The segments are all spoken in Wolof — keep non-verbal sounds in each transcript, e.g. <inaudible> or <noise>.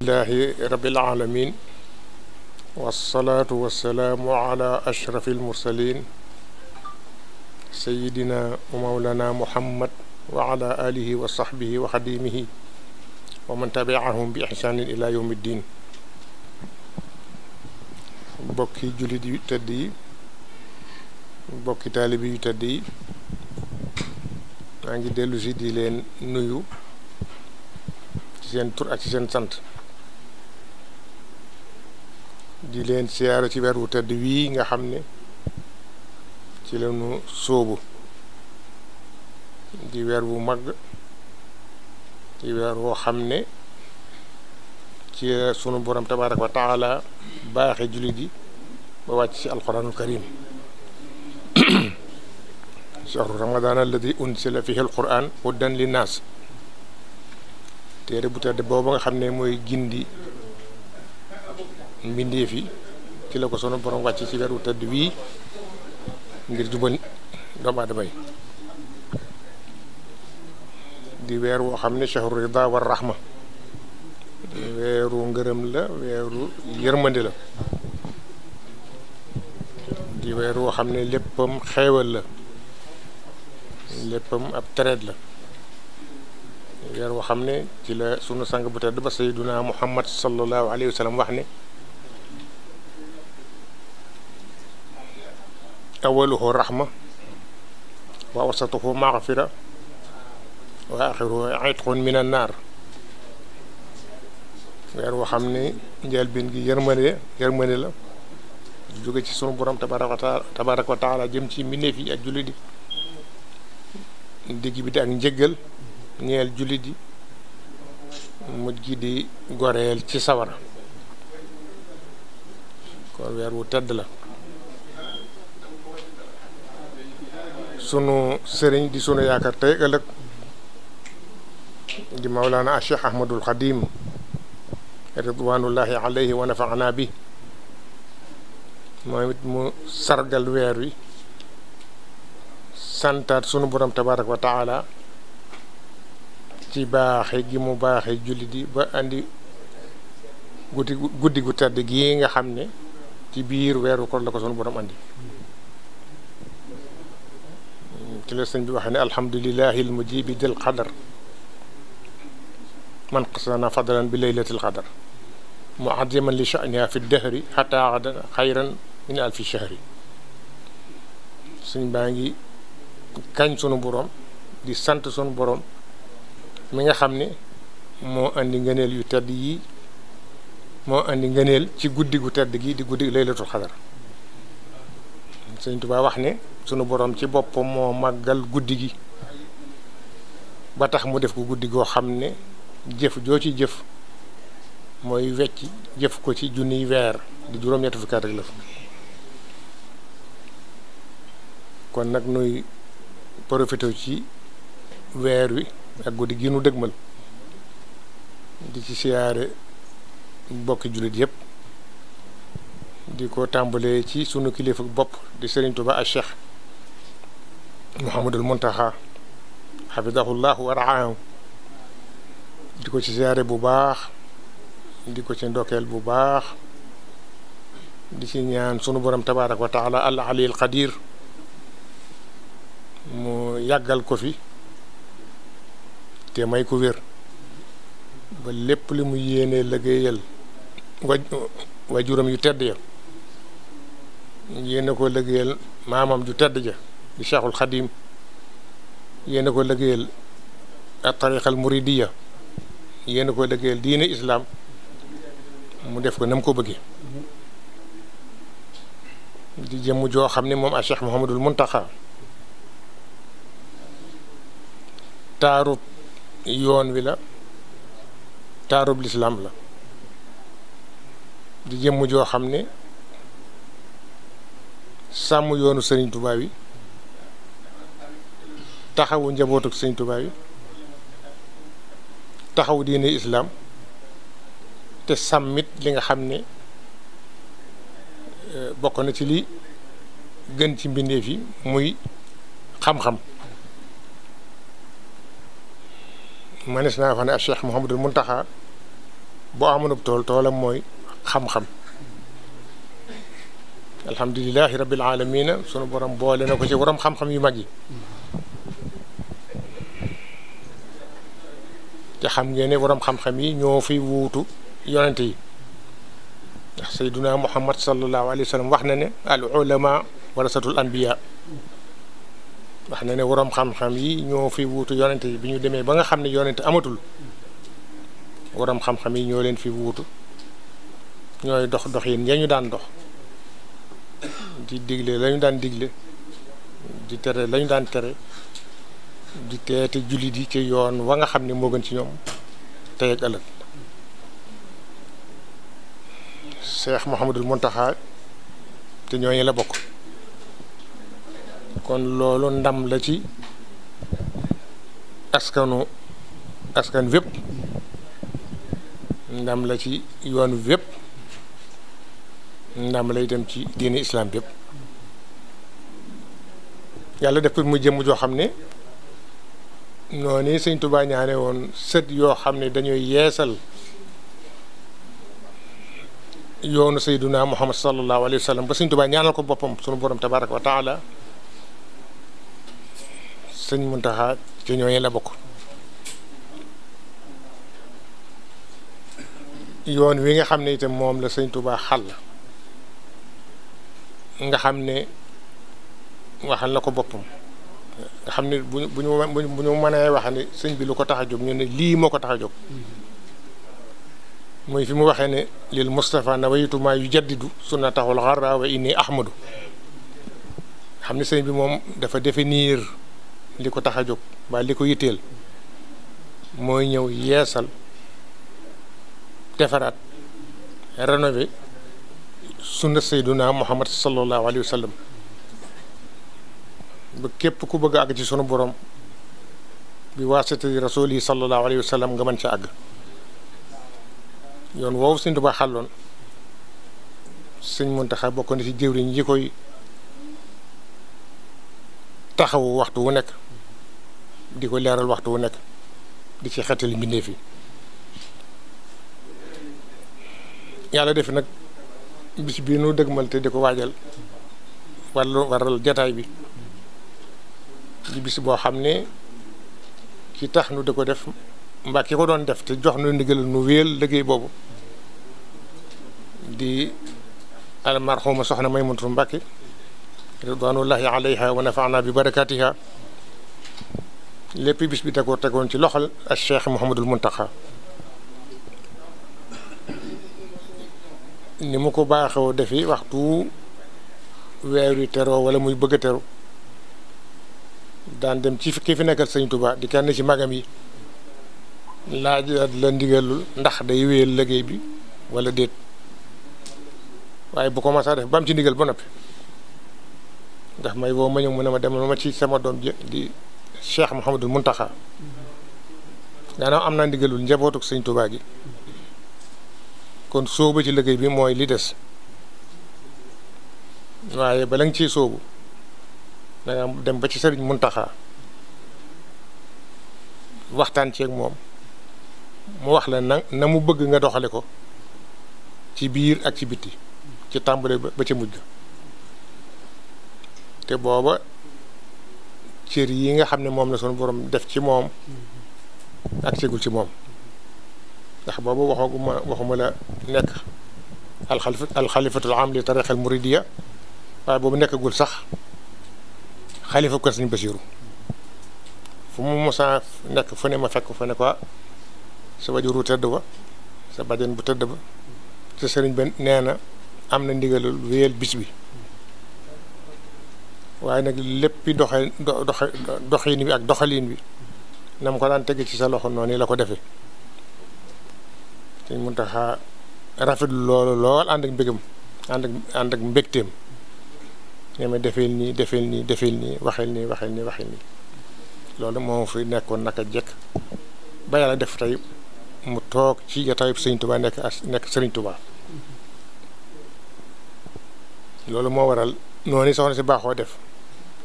الله رب العالمين والصلاة والسلام على أشرف المرسلين سيدنا ومولانا محمد وعلى آله وصحبه وخديمه ومن تبعهم بإحسان إلى يوم الدين بكي جلد يتدي بكي طالب يتدي أنجي دلو سيدي لين نيو سين تور أكسين سنت di leen siyaara ci weer wu tedd wii nga xam ne ci lañu soobu di weer wu mag di weer woo xam ne ci sunu borom tabaaraka wa taala baaxe jullit yi ba wàcc ci alquranul karim <coughs> shahru ramadan alladi unsila fihi alquran hudan linnaas téere bu tedd booba nga xam ne mooy gindi mbindeef yi ci la ko sunu borom wàcc ci weeru tëdd wii ngir jubal doomu aadama yi di weer woo xam ne shahru rida war rahma weeru ngërëm la weeru yërmande la di weer woo xam ne léppam xeewal la léppam ab tereet la weer woo xam ne ci la sunu sang bu tedd ba sayyiduna muhammad sallallahu alayhi wa sallam wax ne أوله رحمة ووسطه معفرة وآخره عتق من النار ويروح خمني جال بن جي يرمني يرمني لا جوجي سي سون بروم تبارك وتعالى تبارك وتعالى جيم سي ميني في جولي دي ديغي بي نيل جولي دي مجي دي غوريل تدلا sunu sëriñ di sunu yaakaar tey ëllëg di mawlaana a ahmadul xadim ridwanullahi alayhi wa nafaana bi moom it sargal weer wi santaat sunu borom tabarak wa taala ci baaxe gi mu baaxe julli di ba andi guddi guddi gu tedd gii nga xam ne ci biir weeru koor la ko sunu borom andi تلا سند وحنا الحمد لله المجيب ذي القدر من قصنا فضلا بليلة القدر معظما لشأنها في الدهر حتى عاد خيرا من ألف شهر سن باغي كان سونو بوروم دي سانت سون بوروم ميغا خامني مو اندي غنيل يو تيد يي مو اندي غنيل سي غودي غو تيد غي دي غودي ليلة القدر sëñ Tuubaa wax ne sunu borom ci boppam moo màggal guddi gi ba tax mu def ko guddi goo xam ne jëf joo ci jëf mooy wecc jëf ko ci junniy weer di juróom-ñetti fukki at ak kon nag nuy profité ci weer wi ak guddi gi nu dëgmal di ci siyaare mbokki jullit yëpp diko tambale ci sunu kilifa bop di Serigne Touba al Cheikh mohammed al Muntaha xafidahullahu wa raahu diko ci ziaré bu baax diko ci ndokel bu baax di ci ñaan sunu borom tabaaraka wa taala al ali al qadir mu yagal ko fi te may ko wér ba lépp li mu yene liggéeyal wajuram yu tedd ya yéena ko liggéeyal maamam ju tedd ja di Cheikhul Xadim yéena ko liggéeyal ak tariqal muridiya yéena ko liggéeyal diine islaam mu def ko nam ko bëggee di jëmm joo xam ne moom a Cheikh Mouhamadul Muntaxa taarub yoon wi la taarub lislaam la di jëmm joo xam ne sàmm yoonu sëriñ Touba bi taxawu njabootu sëriñ Touba bi taxawu diine islaam te sàmmit li nga xam ni euh, bokk na ci li gën ci mbindeef yi muy xam-xam manes naa fa ne ak Cheikh Mouhamadul Muntaxa boo amoon ab tool toolam mooy xam-xam alhamdulilahi rabbil alamina sunu borom boole na ko ci borom xam-xam yu mag yi te xam ngeen ne borom xam-xam yi ñoo fi wuutu yonente yi ndax sayduna muhammad sallallahu alayhi wa sallam wax na ne al ulama warasatul anbiya wax na ne borom xam-xam yi ñoo fi wuutu yonente yi bi ñu demee ba nga xam ne yonente amatul borom xam-xam yi ñoo leen fi wuutu ñooy dox dox yéen ya ñu daan dox ci digle lañu daan digle di tere lañu daan tere di teete jullit yi ci yoon wa nga xam ni moo gën ci ñoom tey ak ëllëg Cheikh Mouhamadul Mountakha te ñooñu la bokk kon loolu ndam la ci askanu askan wépp ndam la ci yoon wépp ndam lay dem ci diini islam bépp yàlla def ko muy jëmm joo xam ne noonu sëñ Tuubaa ñaane woon sëdd yoo xam ne dañuy yeesal yoonu sayduna muhammad sallallahu alayhi wa sallam ba sëñ Tuubaa ñaanal ko boppam sunu borom tabaraka wa taala sëñ Muntaxa ci ñooñu la bokk yoon wi nga xam ne itam moom la sëñ Tuubaa xàll nga xam ne waxal nako bopum boppam nga xam ne bu bu ñu bu wax ne sëñ bi lu ko tax jóg ñu ne lii moo ko tax jóg muy fi mu waxé ne lil mustafa nawaytu ma yujaddidu sunnatahu al-xarra wa inni ahmadu xamni sëñ bi mom dafa définir li ko tax a jóg waa li ko yitteel mooy ñëw yeesal defarat rénové sunna sayyiduna Muhammad sallallahu alayhi wasallam képp ku bëgg a àgg ci sunu boroom bi waasitati rasuul yi sallallahu alayhi wa nga mën ca àgg yoon woowu Sëñ Tuubaa xàlloon Sëñ Muntaxa bokk na ci jëwriñ yi koy taxawu waxtu wu nekk di ko leeral waxtu wu nekk di ci xettali mbindeef yi yàlla defi nag bis bii nu dëgmal te di ko waajal wàllu waral jataay bi tribus bo xamné ki tax nu di def mbaa ki ko don def te jox nu ndigal nu wël liggéey bobu di al almarhuma soxna Maymunatu Mbàkke ridwanullahi alayha wa nafa'na bi barakatiha lépp bis bi da tagon ci loxal al cheikh Mouhamadul Muntaxa ni mu ko baaxoo defi waxtu weer tero wala muy bëgg tero daan dem ci ki fi nekkal sëñ tubaa di kenn ci magam yi laaj la ndigalul ndax day wéyal liggéey bi wala déet waaye bu ko masaa def ba am ci ndigal ba noppi ndax may woo ma ñëw mu ne ma demal ma ci sama doom ji di Cheikh Mouhamadul Mountakha gannaaw am naa ndigalul njabootuk sëñ Touba gi kon sóobu ci liggéey bi mooy li des waaye bala nga ciy sóobu. dem ba ci serigne muntaha waxtan ci ak mom mu wax la na mu bëgg nga doxale ko ci biir ak ci biti ci tàmbale ba ci mujj te booba ci yi nga xamné mom la son borom def ci mom ak ci gul ci mom ndax booba waxuma waxuma la nekk al am li tariqa al muridiya waaye nek gul sax xalifa ko sëñ Basiiru fu mu mosaa nekk fu ne ma fekk fu ne ko ah, sa wajuru tëdd ba sa bajan bu tëdd ba sa sëriñ ba nee na am na ndigalul wéyal bis bi waaye nag léppi doxe doxe doxin bi ak doxalin bi na mu ko daan teg ci sa loxo noonu la ko defee sëñ Muntaxa rafetlu loolu lool ànd ak mbégam ànd ak ànd ak mbégteem ne ma defeel nii defeel nii defeel nii waxeel nii waxeel nii waxeel nii loolu moo fi nekkoon naka jekk ba yàlla def tey mu toog ci jotaayu sëriñ Tuubaa nekk as nekk sëriñ Tuubaa loolu moo waral noonu soxna si baaxoo def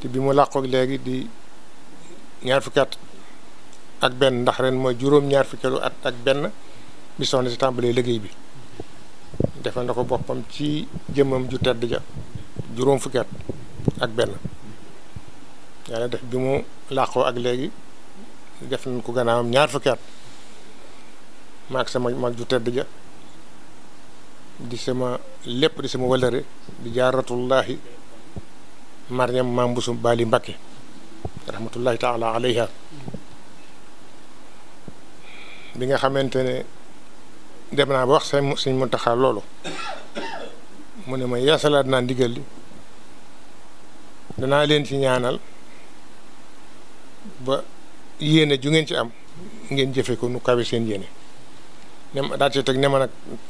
te bi mu làqoog léegi di ñaar fukki at ak benn ndax ren mooy juróom ñaar fukkeelu at ak benn bi soxna si tàmbalee liggéey bi defal na ko boppam ci jëmmam ju tedd ja juróom fukkat ak ben yalla def bimu laqo ak legi def nañ ko gannaawam ñaar fukkat mak sama mak ju tedd ja di sama lepp di sama walere di jaaratullahi maryam mambusu bali baali rahmatullahi taala alayha bi nga xamantene ne dem naa ba wax sëñ muntaha lolo mune ma yeesalaat naa ndigal danaa leen ci ñaanal ba yéene ju ngeen ci am ngeen jëfe ko nu kawe seen yéene nem daa ci teg ne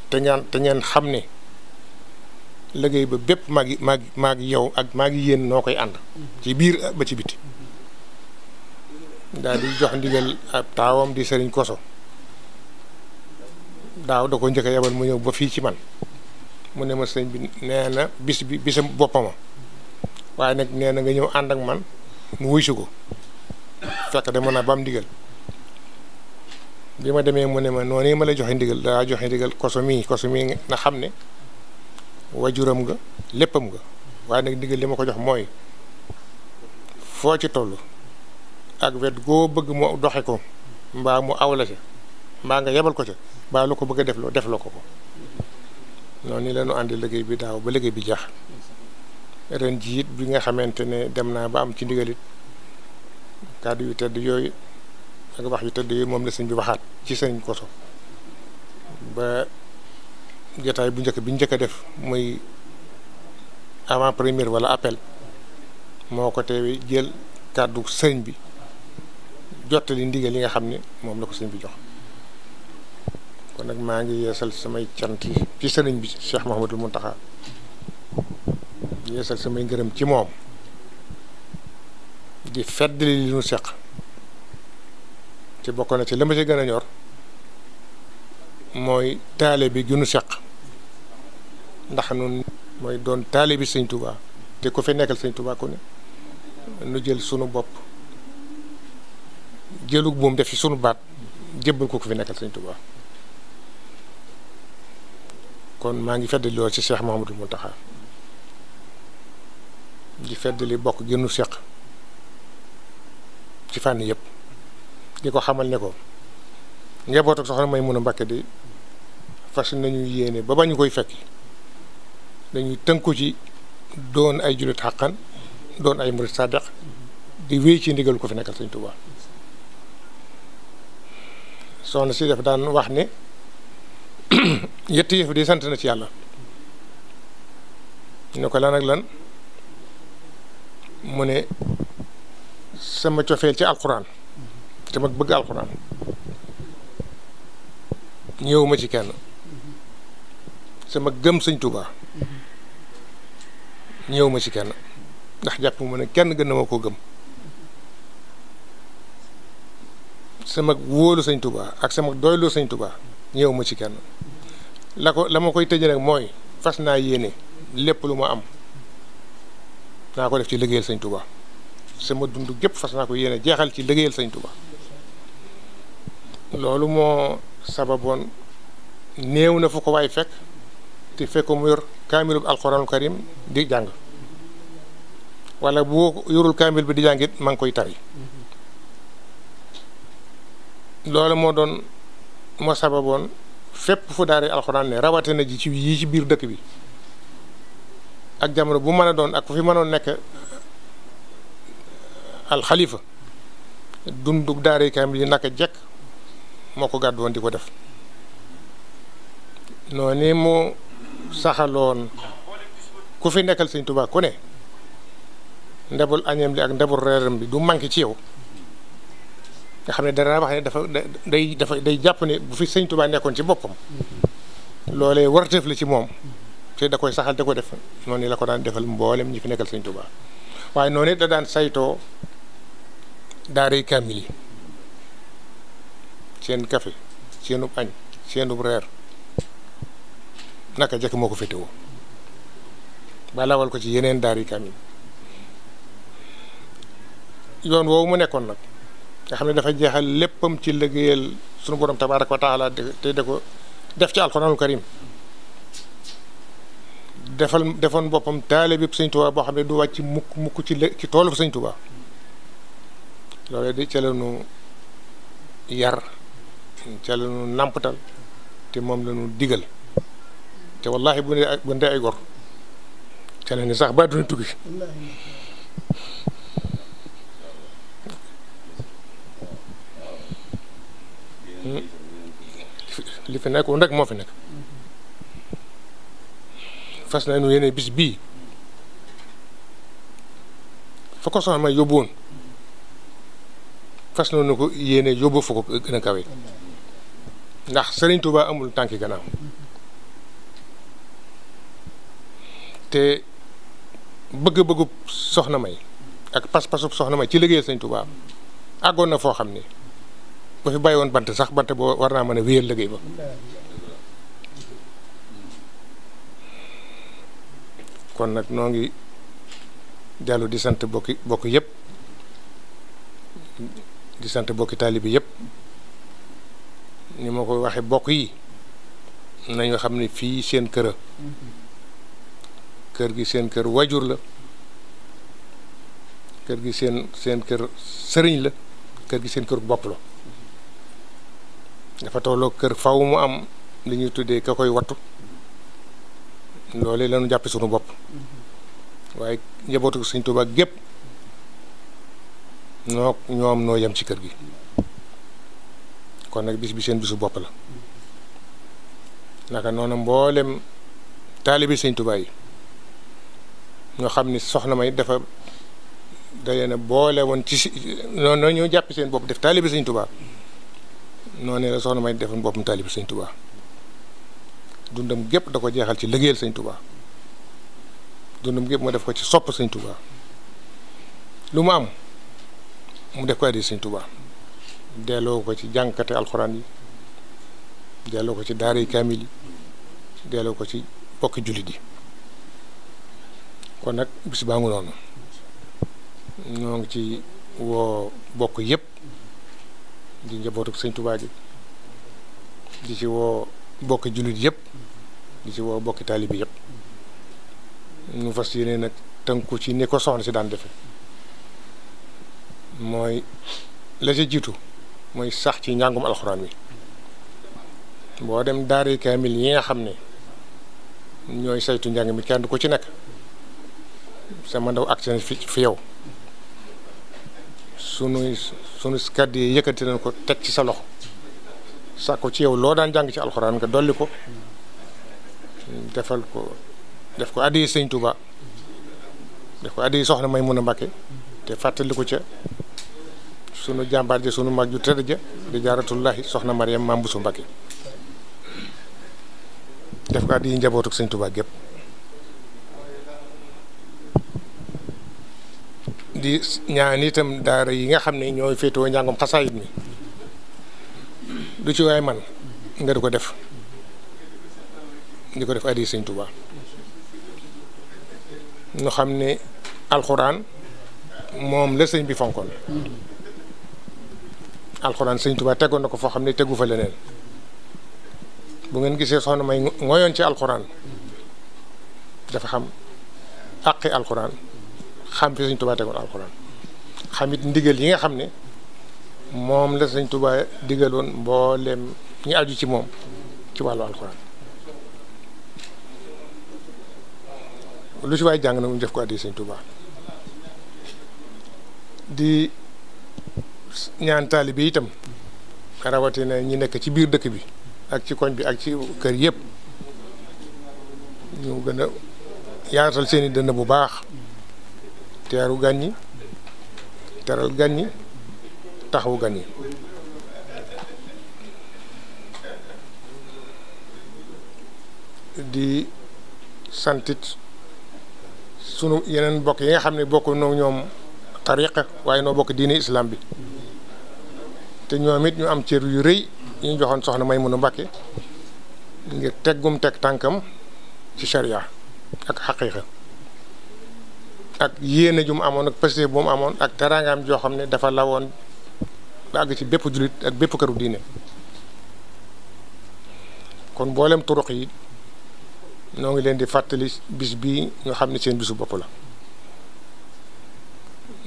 te ngeen xam ne liggéey ba bépp maa ngi maa maa yow ak maa ngi yéen noo koy ànd ci biir ba ci biti daal di jox ndigal ab taawam di sëriñ koso daaw da ko njëkk a yabal mu ñëw ba fii ci man mu ne ma sëñ bi nee na bis bi bisam boppama waaye nag nee na nga ñëw ànd ak man mu wuy si ko fekk de mën a ba mu ndigal bi ma demee mu ne ma noonu ma lay joxe ndigal daa joxe ndigal koso mii koso mii nga xam ne wajuram nga léppam nga waaye nag ndigal li ma ko jox mooy foo ci toll ak wet goo bëgg mu doxe ko mbaa mu awla ca mbaa nga yebal ko ca mbaa lu ko bëgg a def la ko ko noonu ni lañu àndi liggéey bi daaw ba liggéey bi jeex ren ji bi nga xamante ne dem naa ba am ci ndigalit kàddu yu tedd yooyu ak wax yu tëdd yooyu moom la sëñ bi waxaat ci sëñ Koso ba jotaay bu njëkk bi njëkk a def muy avant première wala appel moo ko teewe jël kàddu sëñ bi jottali ndigal yi nga xam ne moom la ko sëñ bi jox kon nag maa ngi yeesal samay cant ci sëriñ bi Cheikh Mouhamadul Mountakha yeesal samay ngërëm ci moom di feddali li ñu seq ci bokk na ci la ma ci gën a ñor mooy taale bi gi ñu seq ndax nun mooy doon taale bi sëñ Touba te ku fi nekkal sëñ Touba ku ne nu jël sunu bopp jëlug moom def ci sunu baat jébbal ko ku fi nekkal sëñ Touba kon maa ngi feddali lool ci Cheikh Mouhamadou Mountakha di fedd li bokk gi nu seq ci fànn yëpp di ko xamal ne ko njaboot ak soxna Maymuna Mbàkke di fas nañu yéene ba ba ñu koy fekk dañuy tënku ci doon ay jullit xàqan doon ay murit sàddeq di wéy ci ndigal ko fi nekkal Sëñ Tuubaa soxna si def daan wax ni <clears throat> yetti yëf di sant na ci yàlla ñu ne ko lan ak lan mu ne sama cofeel ci alxuraan sama bëgg alxuraan ñëwuma ci kenn sama gëm sëñ Tuubaa ñëwuma ci kenn ndax jàpp mu ne kenn gën na ma koo gëm sama wóolu sëñ Tuubaa ak sama doylu sëñ Tuubaa ñëwuma ci kenn la ko la ma koy tëjee nag mooy fas naa yéene lépp lu ma am naa ko def ci liggéeyal sëñ Touba sama dund gépp fas naa ko yéene jeexal ci liggéeyal sëñ Touba loolu moo sababoon néew na fu ko waay fekk te fekk mu yor kaamilub alxuraanul karim di jàng walla bu yorul kaamil bi di jàngit ma ngi koy tari loolu moo doon moo sababoon fépp fu daaree alxuraan ne rawatina ji ci yii ci biir dëkk bi ak jamono bu mën a doon ak fi mënoon nekk alxalifa dundug daaray kaamil yi naka jekk moo ko gàddu woon di ko def noonu mu saxaloon ku fi nekkal sëñ Tuubaa ku ne ndebul añam li ak ndebul reeram bi du manqué ci yow nga xam ne dara wax ne dafa day dafa day jàpp ne bu fi sëñ Tuubaa nekkoon ci boppam loolee warteef la ci moom ci da koy saxal da ko def noonu la ko daan defal mboolem ñi fi nekkal seigne touba waye noonu da daan sayto daari kamili yi seen café seenub añ seenub rer naka jek moko fete wo ba lawal ko ci yeneen daari kamili yoon wo mu nekkon nak nga xam dafa jexal léppam ci liggéeyal sunu borom tabaaraku taala te da ko def ci alquranul karim defal defoon boppam taale bi sëñ Tuubaa boo xam ne du wàcc mukk mukk ci ci toolu sëñ Tuubaa loolee di ca la yar ca la te moom la nu digal te wallaahi bu ne bu ndee ay sax ba duni tukki hmm? li fi nekk rek moo fi nekk fas na nañu yéene bis bii fa ko soxna ma yóbbu woon fas nañu ko yéene yóbbu fa ko gën a kawe ndax Serigne Touba amul tànki gannaaw te bëgg-bëggub soxna may ak pas-pasub soxna may ci liggéeyal Serigne Touba àggoon na foo xam ne bu fi bàyyi woon bant sax bant boo war naa mën a wéyal liggéey ba. kon nag noo ngi dellu di sant bokki bokk yépp di sant bokki taalibi yépp ni ma ko waxee bokk yi nañu xam ne fii seen kër kër gi seen kër wajur la kër gi seen seen kër sëriñ la kër gi seen kër bopp la dafa tolloo kër faw mu am li ñuy tuddee ka koy wattu loolu lañu jàppe sunu bopp waaye njabootu Sëñ Tuubaa gépp noo ñoom noo yem ci kër gi kon nag bis bi seen bisu bopp la naka noonu mboolem taalibi Sëñ Tuubaa yi ñoo xam ni soxna may dafa dalee na boole woon ci si noonu ñu jàpp seen bopp def taalibi Sëñ Tuubaa noonu la soxna may defoon boppam taalibi Sëñ Tuubaa dundam gépp da ko jeexal ci liggéeyal sañ tubaa dundam gépp ma def ko ci sopp sëñ tubaa lu mu am mu def ko addi sëñ tubaa delloo ko ci jànkate alxuraan yi delloo ko ci daaray kaamil delloo ko ci bokki jullit yi kon nag bis baa ngu noonu ñoo ngi ci woo bokk yëpp di njabootu sëñ tubaa gi di ci woo bokki jullit yëpp di ci woo bokki taalibi yëpp ñu fas yéene nag tënku ci ni ko soxna si daan defe mooy la ca jiitu mooy sax ci njàngum alxuraan wi boo dem daara kaamil yi nga xam ne ñooy saytu njàng mi kenn ko ci nekk sama ndaw ak seen fi fi yow sunuy sunu kàddu yi yëkkati nañ ko teg ci sa loxo sàkku ci yow lo daan jang ci alcorane nga dolli ko defal ko def ko adi seigne touba def ko adi soxna may muna mbake te fàttali ko sunu jambar je sunu magju ju je ja di jaaratullahi soxna maryam Maam Busu mbake def ko adi njabotuk seigne touba gep di ñaan itam daara yi nga xamne ñoy feto féetewoo njàngum mi lu ci waay man nga di ko def di ko def addi sëñ Tuubaa ñu xam ne alxuraan moom la sëñ bi fonkoon alxuraan sëñ Tuubaa tegoon na ko foo xam ne tegu fa leneen bu ngeen gisee soxna may ngoyoon ci alxuraan dafa xam àqi alxuraan xam fi sëñ Tuubaa tegoon alxuraan xam ndigal yi nga xam ne moom la sëñ Tuubaa digaloon mboolem ñi aju ci moom ci wàllu alxuraan lu ci waay jàng na mu def ko addi sëñ Tuubaa di ñaan taalibe bi itam rawatina ñi nekk ci biir dëkk bi ak ci koñ bi ak ci kër yépp ñu gën a yaatal seeni dënn bu baax teeru gan teral gan taxawu gan yi di santit sunu yeneen bokk yi nga xam ne bokk noo ñoom tariqa waaye noo bokk diine islam bi te ñoom it ñu am cër yu rëy yu ñu joxoon soxna Maymuna Mbàkke ngir teggum teg tànkam ci sharia ak xaqiiqa ak yéene ju amoon ak pëste bu mu amoon ak teraangaam joo xam ne dafa lawoon ba àgg ci bépp jullit ak bépp këru diine kon mboolem turuq yi ñoo ngi leen di fàttali bis bii nga xam ni seen bisu bopp la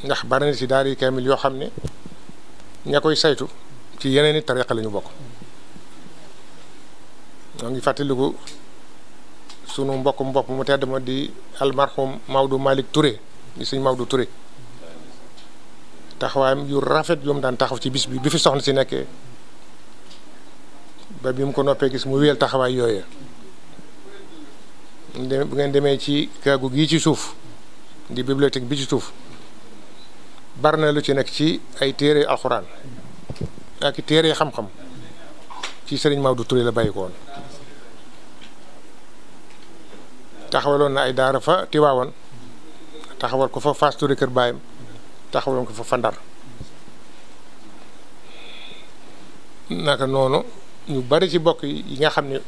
ndax bari na daari kaamil yoo xam ne ña koy saytu ci yeneen i tariqa lañu bokk ñoo ngi fàttaliku sunu mbokk mbopp mu tedd ma di almarhum Maodo Malick ture di sëñ Maodo Touré. taxawaayam yu rafet yom daan taxaw ci bis bi bi fi soxna si nekkee ba bi mu ko noppee gis mu wéyal taxawaay yooya bu ngeen demee ci kaagu gi ci suuf di bibliothèque bi ci suuf bari na lu ci nekk ci ay téere alxuraan ak téere xam-xam ci sëriñ Maodo Touré la bàyyi ko taxawaloon na ay daara fa Tiwaawan taxawal ko fa Fass kër baayam taxawaloon ko fa fa Ndar naka noonu ñu bari ci bokk yi nga xam ne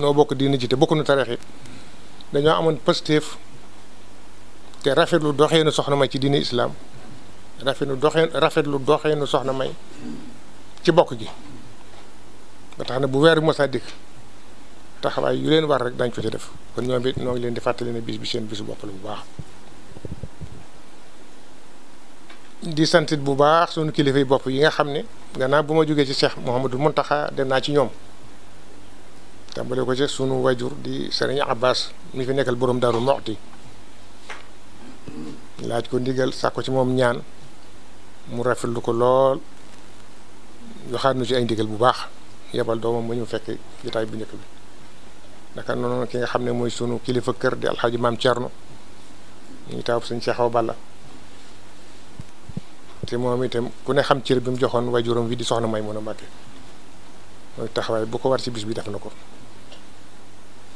noo bokk diina ji te bokkuñu tareex yi dañoo amoon positif te rafetlu doxeenu soxna may ci diini islaam rafetlu doxee rafetlu doxeenu soxna may ci bokk ji ba tax na bu weer mosaa dikk taxawaay yu leen war rek dañ ko ci def kon ñoo it noo ngi leen di fàttali ne bis bi seen bisu bopp la bu baax di santit bu baax sunu kilifay bopp yi nga xam ne gannaaw bu ma jógee ci Cheikh Mouhamadou Mountakha dem naa ci ñoom tàmbale ko ci sunu wajur di sëriñ Abbas mi fi nekkal borom Daaru Muxti laaj ko ndigal sàkko ci moom ñaan mu rafetlu ko lool joxaat nu ci bu baax yabal doomam mu ñu fekk jotaay bu njëkk bi naka noonu ki nga xam ne mooy sunu kilifa kër di alxaaji maam Thierno ñu ngi taawu sëñ Balla te moom itam ku ne xam cër bi mu joxoon juróom wi di soxna Maymuna Mbàkke mooy taxawaay bu ko war ci bis bi def na ko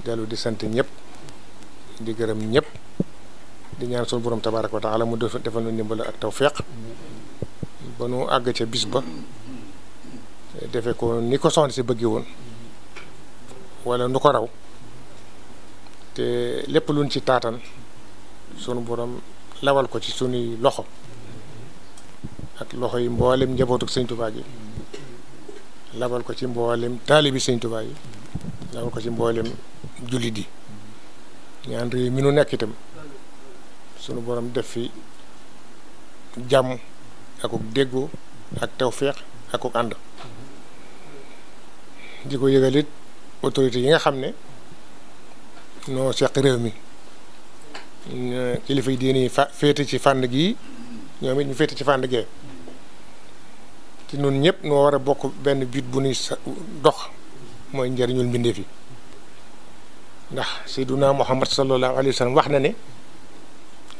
dellu di sant ñëpp di gërëm ñëpp di ñaan suñu borom tabaaraka wa taala mu defal nu ndimbal ak tawféex ba nu àgg ca bis ba defe ko ni ko soxna si bëggee woon wala nu ko raw te lépp luñ ci taatan sunu borom lawal ko ci sunuy loxo ak loxo yi mboolem njabootuk sëñ Tuubaa gi labal ko ci mboolem taalibi sëñ Tuubaa yi labal ko ci mboolem jullit yi ñaan réew mi nu nekk itam sunu borom def fi jàmm akuk déggoo ak tawféex akuk ànd di ko yëgal it yi nga xam ne noo seq réew mi kilifa yi diine yi fa féete ci fànn gi ñoom it ñu féete ci fànn gee ci ñun ñëpp noo war a bokk benn but bu ñuy dox mooy njëriñul fi ndax sayduna muhammad sallallahu alayhi Wasallam wax na ne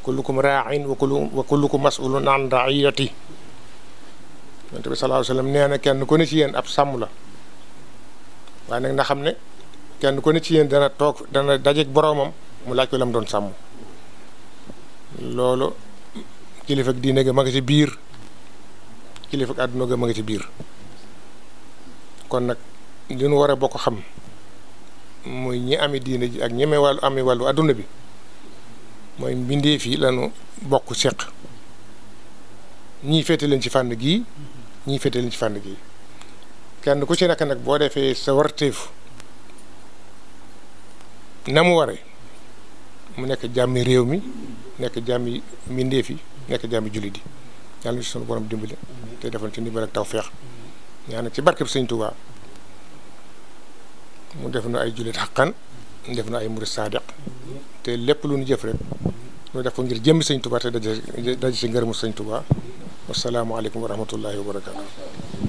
kullukum ra'in wa kullu wa kullukum masulun an raiyati nabi sallallahu alayhi wasallam sallam na kenn ku ne ci yeen ab sam la waaye nag na xam ne kenn ku ne ci yeen dana toog dana dajeeg boromam mu laaj ko lam doon sàmm loolu kilifa ak diine ga ma nga ci biir kilifa ak àdduna ga ma nga ci biir kon nag li nu war a bokk xam muy ñi ami diine ji ak ñeme wàllu ami wàllu àdduna bi mooy mbindeef yi lañu bokk seq ñii féete leen ci fànn gii ñii féete leen ci fànn gii kenn ku ci nekk nag boo defee sa warteef na mu waree mu nekk jàmmi réew mi nekk jàmmi mbindeef yi nekk jàmmi jullit yi yàlla ñu si sunu borom dimbali te defal ci ndimbal ak tawféex ñaan ci barkeb sëñ Tuubaa mu def na ay jullit xaqan def na ay murid saadiq te lépp lu ñu jëf rek ñu def ko ngir jëmmi sëñ Tuubaa te daje daje si ngërëmu sëñ Tuubaa wasalaamualeykum wa rahmatullahi wa barakaatu.